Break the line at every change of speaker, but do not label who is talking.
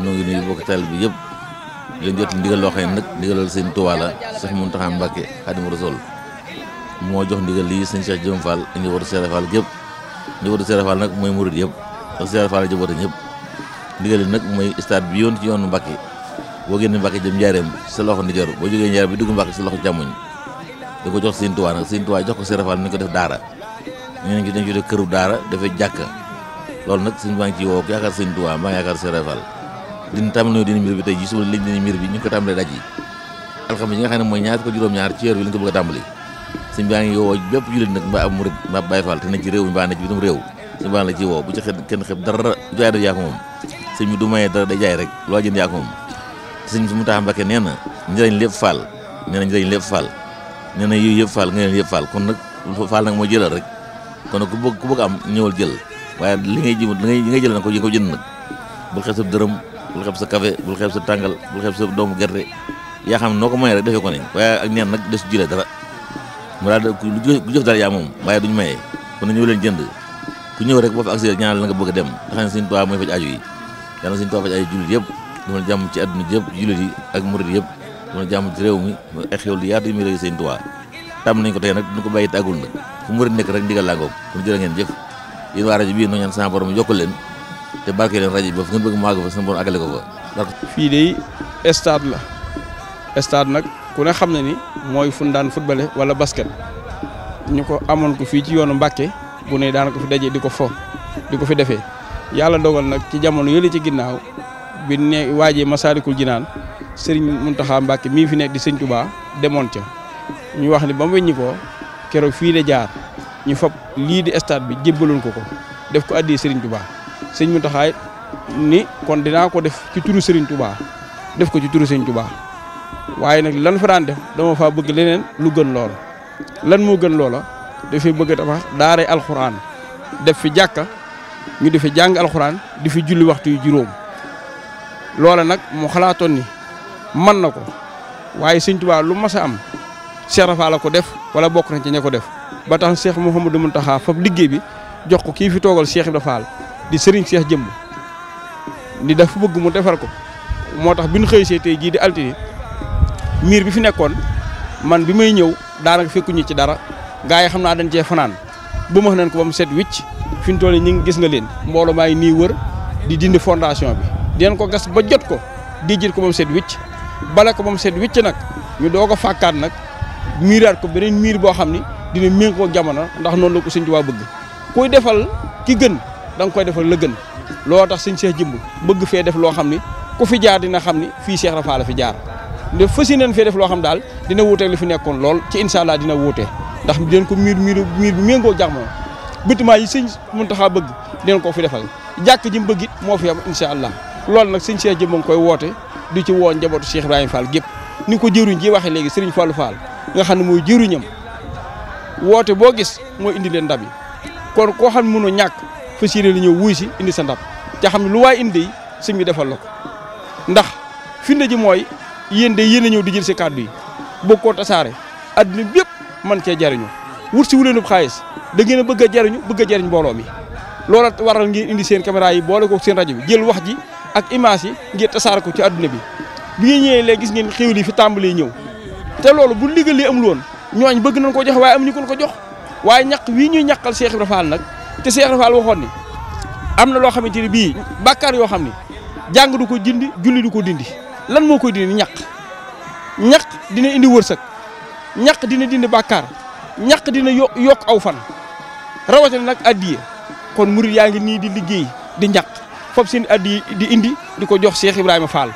noo ngi nuyu bokk taal bi yëpp leen jot ndigal loo xam ne nag ndigalal sëñ Tuubaa la Cheikh Mountakha Mbacké moo jox ndigal lii sëñ Cheikh Jëm Fall indi waru Cheikh Fall gépp indi waru Cheikh nag mooy murid yëpp ak Cheikh Fall jaboote ñëpp ndigal nag mooy stade bi yoon ci yoonu Mbàkke boo génnee Mbàkke jëm Njaareem sa loxo ndijoor boo jógee Njaareem bi dugg Mbàkke sa loxo càmmoñ da ko jox Sëñ Tuubaa nag Sëñ Tuubaa jox ko Sëriñ Faal ni ko def daara ñu ne dañ ko këru daara dafay jàkka loolu nag sëñ baa ngi ci woo ko yaakaar Sëñ Tuubaa mbaa yaakaar Sëriñ dina mbir bi tey ji suba lañ dina mbir bi ñu ko tàmbalee daj yi alxames yi nga xam ne mooy ñaar ko juróom-ñaar ci weer bi lañ ko bëgg a tàmbali sëñ baa ngi woo bépp jullit nag mbaa ab murid mbaa te ne ci réew mi ne ci bitim réew sëñ la ci bu ci xet kenn dara bu ci sëñ du mayee dara day jaay rek loo jënd yaa ko moom sëñ bi Mountakha Mbacké nee na njëriñ lépp faal nee na njëriñ lépp faal nee na yëpp faal nga leen yëpp faal kon nag faal nag moo jëlal rek kon nag ku bëgg ku bëgg am ñëwal jël waaye li ngay ji li ngay jël ko yi ko jënd nag bul xeeb sa dërëm bul xeeb sa café bul xeeb sa tàngal bul xeeb sa doomu gerte yaa xam noo ko mayee rek defee ko ne waaye ak neen nag des jëlee dara mu daal ku jëf daal yaa moom waaye duñu mayee kon na ñëw leen jënd ku ñëw rek boo fi accès ñaanal la nga bëgg a dem nga xam ne yi yàlla na suñu Tuubaa faj ay jullit yëpp dama jàmm ci àdduna yëpp jullit yi ak murit yëpp dama jàmm ci réew mi ay xéwal yaatu yi muy réew Sëñ nañ ko tey nag duñu ko bàyyi agul nag fu murit nekk rek ndigal laa ngoog kon jërë ngeen jëf yéen waa rajo bii noo ñaan sama borom yokk leen te barke leen rajo bi ba fu ngeen bëgg mu àgg fa sama borom àggale ko fa fii de stade la stade nag ku ne xam
ne ni mooy fu ñu daan futbale wala basket ñu ko amoon ko fii ci yoonu Mbàkke bu ne daan ko fi dajee di ko fo di ko fi defee yàlla dogal nag ci jamono yële ci ginnaaw bi ne waajee Masaalikul Jinaan sëriñ Muntaxa Mbàkke mii fi nekk di sëñ Tuubaa demoon ca ñu wax ne ba mu weññi ko keroog fii la jaar ñu fab lii di stade bi jébbaloon ko ko def ko addi sëriñ Tuubaa sëñ Muntaxa ni kon dinaa ko def ci turu sëriñ Tuubaa def ko ci turu sëriñ Tuubaa waaye nag lan fa daan def dama faa bëgg leneen lu gën loola lan moo gën loola dafay bëgg a tabax alxuraan def fi jàkka ñu difi fi alquran difi di fi julli waxtu yu juróom loola mu xalaatoon ni man nako ko seigne touba lu massa am Cheikh Rafa ko def wala bok na ci ñeko def ba tax Cheikh mohammed muntaha fab liggey bi jox ko ki fi togal Cheikh Ibra Fall di Serigne Cheikh jëm ni dafa bëgg mu défar ko motax tax bi ñu xëy see di alti mir bi fi nekkon man bi may ñëw daanaka fekkuñu ci dara gaay xamna dañ ci fanaan bu ma ko bam set wicc fi ñu toll ñi ngi gis nga leen mbooloo maa ngi nii wër di dindi fondation bi dinañ ko gas ba jot ko dijjit ko moom seet wicc bala ko moom seet wicc nag ñu doog a fàkkaat nag miiraat ko beneen miir boo xam ni dina méngoo ko jamono ndax noonu la ko sëñ Tuubaa bëgg kuy defal ki gën da nga koy defal la gën loo tax sëñ Seex Jëmb bëgg fee def loo xam ni ku fi jaar dina xam ni fii Seex Rafaa la fi jaar nde fasi nañ fee def loo xam daal dina wuuteeg li fi nekkoon lool ci incha allah dina wuutee ndax dinañ ko miir miir miir méngoo jamono bâtiment yi sëñ Muntaxa bëgg dinañ ko fi defal jàkk ji mu moo fi am incha allah loolu nag sëñ Cheikh Jëmm ngi koy woote di ci woo njabootu Cheikh Ibrahima Fall gépp ni ko jëruñ ji waxee léegi Serigne Fallou Fall nga xam ne mooy jëruñam woote boo gis moo indi leen ndab yi kon koo xam ne mënoo ñàkk fas yéene la ñëw wuy si indi sa ndab te xam ne lu waay indi sëñ defal la ko ndax finde ji mooy yéen yéen a ñëw di jël si kàddu yi bokkoo tasaare adduna bépp man cee jariñu wursi si wuleenu khais da ngeen a bëgg a jariñu bëgg mi loola waral ngeen indi seen caméra yi boole ko seen radio bi jël wax ji ak image yi ngir tassar ko ci aduna bi bi ngeen ñëwee léegi gis ngeen xéwal yi fi tàmbalee ñëw te lolu bu ndigal li amul won ñoñ bëgg nañ ko jox way amuñu kon ko jox way ñak wi ñu ñakal Cheikh Ibra Fall nag te Cheikh Ibra Fall waxoon ni amna lo xamanteni bi bakkar yo xamni jang du ko jindi julli du ko dindi lan mo koy dindi ñak ñak dina indi wërsëg ñak dina dindi bakkar ñàq dina yo yokk aw fan rawatina nag addiye kon murit yaa ngi nii di liggéey di ñàq foofu seen addiye di indi di ko jox Cheikh Ibrahima Fall.